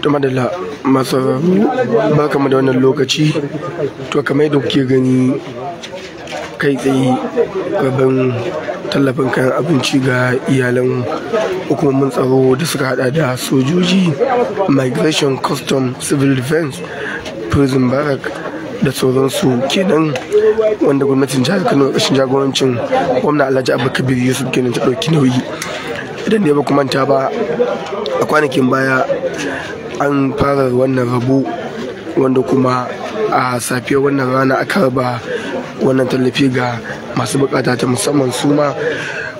to madalla masu baka mu da wannan lokaci to kamar da kuke gani kai tsaye gaban tallafin kayan abinci ga iyalan hukumomin tsaro da suka hada da sojoji migration custom civil defense prison barrack da sauransu kenan wanda gwamnatin jihar kano ƙarshen jagorancin gwamna alhaji abu kabiru yusuf kenan ta ɗauki nauyi idan ne ba ku manta ba a kwanakin baya an fara wannan rabu wanda kuma a safiyar wannan rana aka raba wannan tallafi ga masu bukata ta musamman su ma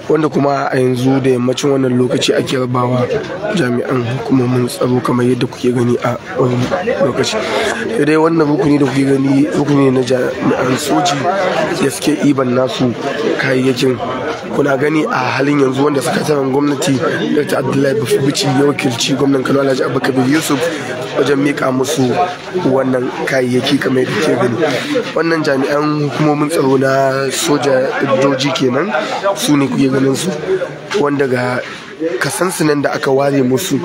wanda kuma a yanzu da yammacin wannan lokaci ake rabawa jami'an hukumomin tsaro kamar yadda kuke gani a wani lokaci dai wannan rukuni da kuke gani rukuni na jami'an soji da suke iban nasu kayayyakin kuna gani a halin yanzu wanda sakataren gwamnati dr abdullahi bafubici ya wakilci gwamnan kano alhaji abubakar yusuf wajen mika musu wannan kayayyaki kamar yadda ke gani wannan jami'an hukumomin tsaro na soja doji kenan su ne kuke ganin su wanda ga kasansu nan da aka ware musu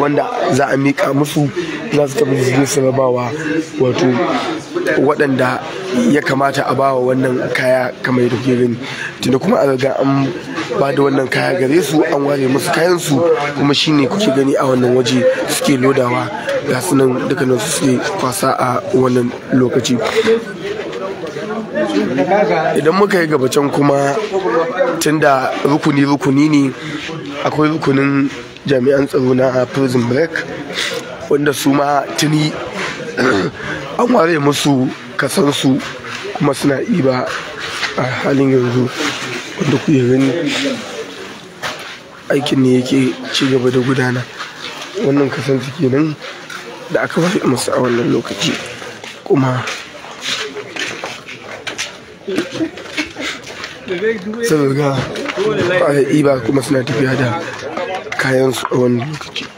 wanda za a mika musu za su tafi su rabawa wato waɗanda ya kamata a bawa wannan kaya kamar yadda kuke gani tunda kuma a riga an ba da wannan kaya gare su an ware musu kayan su kuma shine kuke gani a wannan waje suke lodawa ga su nan su suke kwasa a wannan lokaci idan muka yi gabacin kuma tunda rukuni rukuni ne akwai rukunin jami'an tsaro na prison break wanda su ma tuni an ware musu su kuma suna iba a halin yanzu wanda ku gani aikin ne yake ci gaba da gudana wannan ke nan da aka ware musu a wannan lokaci kuma saboda ba iba kuma suna tafiya da kayansu a wannan lokaci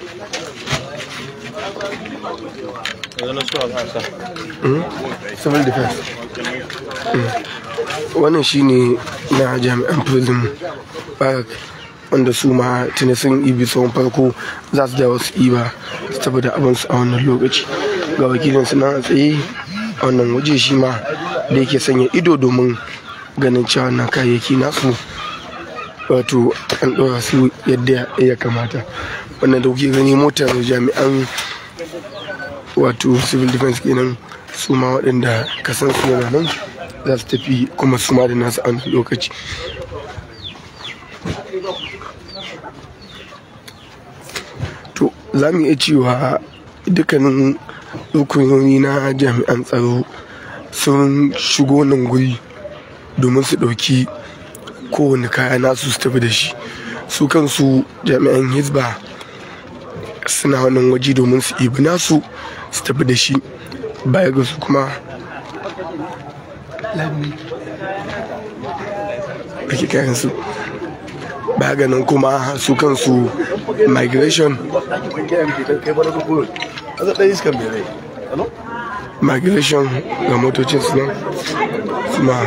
civil defense hmm. wannan shine na jami'an prison park wanda su ma tuni sun ibi tsawon farko za su dawo su iba saboda abin su a wannan lokaci ga wakilin su na a tsaye a wannan waje shi ma da yake sanya ido domin ganin cewa wannan kayayyaki nasu wato an ɗora su yadda ya kamata wannan da kuke gani motar jami'an wato civil defense kenan su ma waɗanda kasan su yana nan za su tafi kuma su ma da nasu an lokaci to za mu iya cewa dukkanin rukunoni na jami'an tsaro sun shigo nan guri domin su ɗauki kowane kaya nasu su tafi da shi su kansu jami'an hisba suna wannan waje domin su ibi nasu su tafi da shi baya ga su kuma ake kayan su baya ga nan kuma su kansu migration migration ga motocin su nan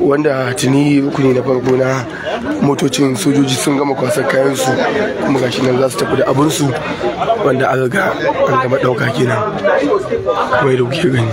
wanda tuni rukuni na farko na motocin sojoji sun gama kwasar kayansu kuma gashi nan za su tafi da abun wanda an riga an gama dauka kenan kuma yadda kuke gani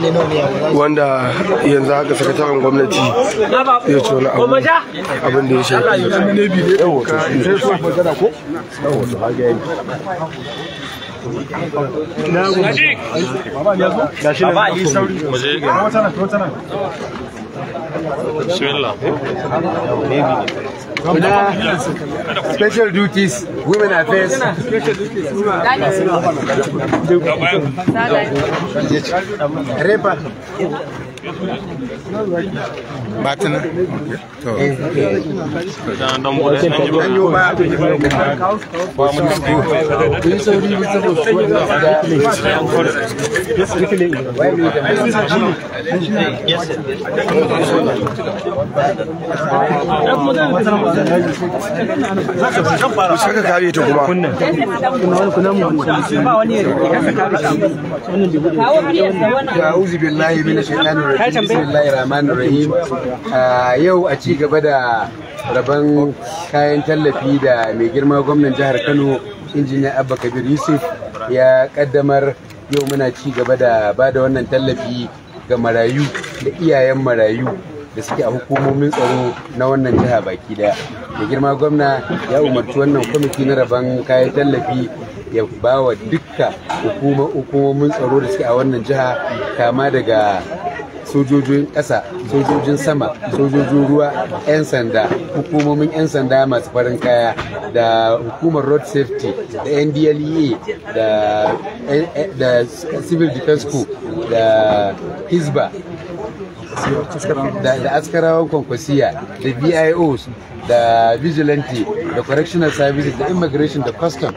ni wanda yanzu haka sakataren gwamnati ya ce wani abu abin da ya shafi Na gudu. Sadiq. Baba ne zo? Gashi ne. Baba yi sauri. Mu je. Wata nan, wata special duties, women affairs. baax na to dan don bude an yi ba ba mun ko in so ni bi sabo so da Saka kare ta kuma. Kunnan. Kunnan mu. Bismillahirrahmanirrahim. Ah, yau a ci gaba da rabon kayan tallafi da mai girma gwamnan jihar Kano injiniya Abba Kabir Yusuf ya kaddamar yau muna ci gaba da bada wannan tallafi ga marayu da iyayen marayu da suke a hukumomin tsaro na wannan jiha baki daya. Mai girma gwamna ya umarci wannan kwamiti na rabon kayan tallafi ya ba wa dukka hukumomin tsaro da suke a wannan jiha kama daga sojojin ƙasa sojojin sama sojojin ruwa 'yan sanda hukumomin 'yan sanda masu farin kaya da hukumar road safety da ndlea da civil defense school da hisba da askarawan kwankwasiya da bios da vigilante da correctional services da immigration da custom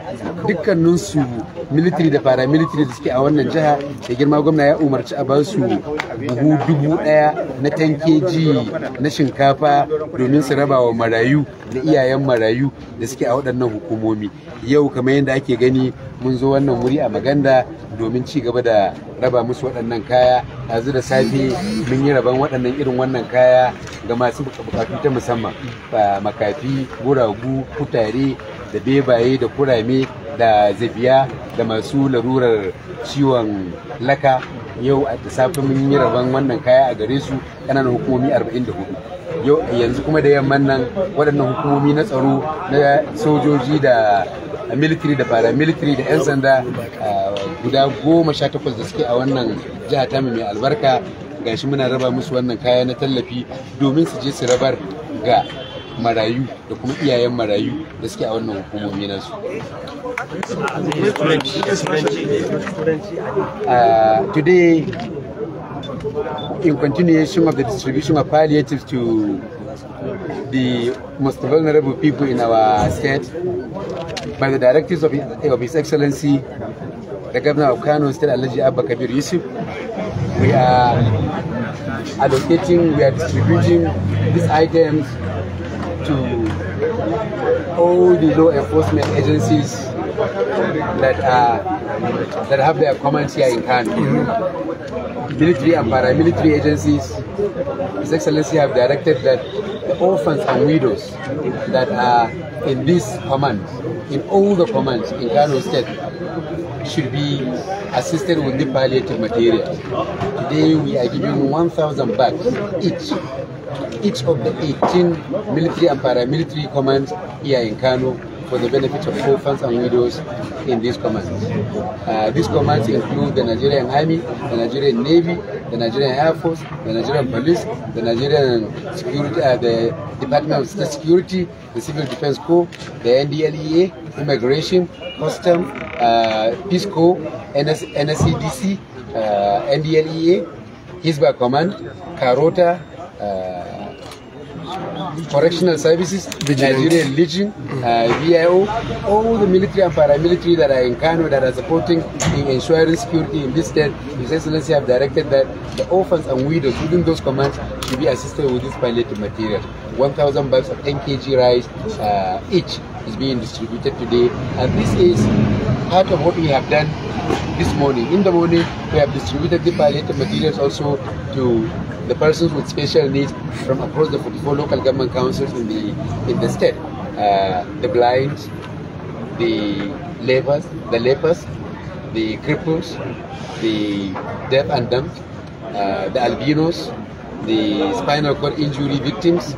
dukkaninsu military da paramilitary da suke a wannan jiha da girma gwamna ya umarci a basu buhu dubu ɗaya na tankeji na shinkafa domin su raba wa marayu da iyayen marayu da suke a waɗannan hukumomi yau kamar yadda ake gani mun zo wannan wuri a maganda domin ci gaba da raba musu waɗannan kaya yanzu da safe mun yi raban waɗannan irin wannan kaya ga masu bukatu ta musamman makafi guragu kutare da bebaye da kurame da zabiya da masu larurar ciwon laka yau a safe mun yi rabon wannan kaya a gare su ƙananan hukumomi 44 yau yanzu kuma da yamman nan waɗannan hukumomi na tsaro na sojoji da military da paramilitary da 'yan sanda guda goma sha takwas da suke a wannan jiha ta mai albarka gashi muna raba musu wannan kaya na tallafi domin su je su rabar ga marayu da kuma iyayen marayu da suke a wannan hukumomi na su. Ah, today, in continuation of the distribution of palliatives to the most vulnerable people in our state, by the directives of, of His Excellency, the Governor of Kano State, Alaji Abba Kabir Yusuf, we are allocating, we are distributing these items to all the law enforcement agencies that are that have their commands here in Khan. Military and paramilitary agencies, His Excellency have directed that the orphans and widows that are in this command, in all the commands in Kano State, should be assisted with the palliative material. Today we are giving 1,000 bags each each of the 18 military and paramilitary commands here in Kano for the benefit of orphans and widows in these commands. Uh, these commands include the Nigerian Army, the Nigerian Navy, the Nigerian Air Force, the Nigerian Police, the Nigerian Security, uh, the Department of State Security, the Civil Defense Corps, the NDLEA, Immigration, Customs, uh, Peace Corps, NS NSCDC, uh, NDLEA, Hizba Command, Karota, uh, correctional services, Nigeria Nigerian Legion, uh, all the military and paramilitary that are in Kano that are supporting in ensuring security in this state. His Excellency have directed that the orphans and widows within those commands should be assisted with this palliative material. 1,000 bags of 10 kg rice uh, each is being distributed today, and this is part of what we have done this morning. In the morning, we have distributed the palliative materials also to the persons with special needs from across the 44 local government councils in the in the state. Uh, the blind, the lepers, the lepers, the cripples, the deaf and dumb, uh, the albinos, the spinal cord injury victims,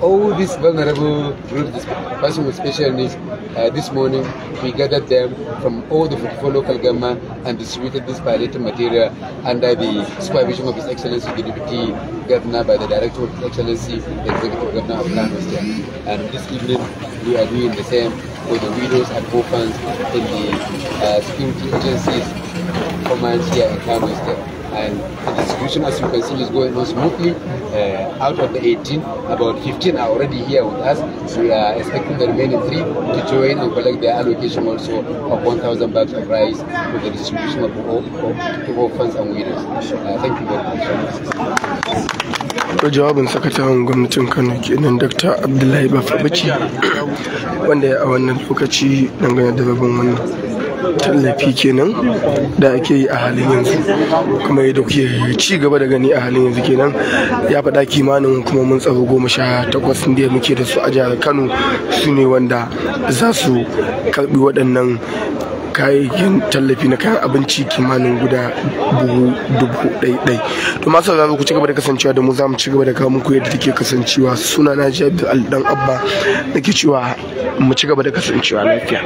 all these vulnerable groups, persons with special needs, uh, this morning we gathered them from all the 44 local government and distributed this piloted material under the supervision of His Excellency the Deputy Governor by the Director of His Excellency, the Executive Governor of Kano State. And this evening we are doing the same for the widows and orphans in the uh, security agencies commands here in Kano State. and the distribution as you can see is going on smoothly. Uh, out of the 18, about 15 are already here with us. So we are expecting the remaining three to join and collect their allocation also of 1,000 bags of rice for the distribution of all, of, to all fans and winners. Uh, thank you very much. da jawabin sakataren gwamnatin kano kenan dr abdullahi bafabaci wanda a wannan lokaci dangane da rabin wannan tallafi kenan da ake yi a halin yanzu kuma yadda kuke ci gaba da gani a halin yanzu kenan ya faɗa kimanin mun tsaro goma sha takwas da muke da su a jihar kano su ne wanda za su karbi waɗannan kayayyakin tallafi na kayan abinci kimanin guda buhu dubu ɗai to masu sauraro ku ci gaba da kasancewa da mu za mu ci gaba da kawo muku yadda take kasancewa suna na jabir al'adun abba ke cewa mu ci gaba da kasancewa lafiya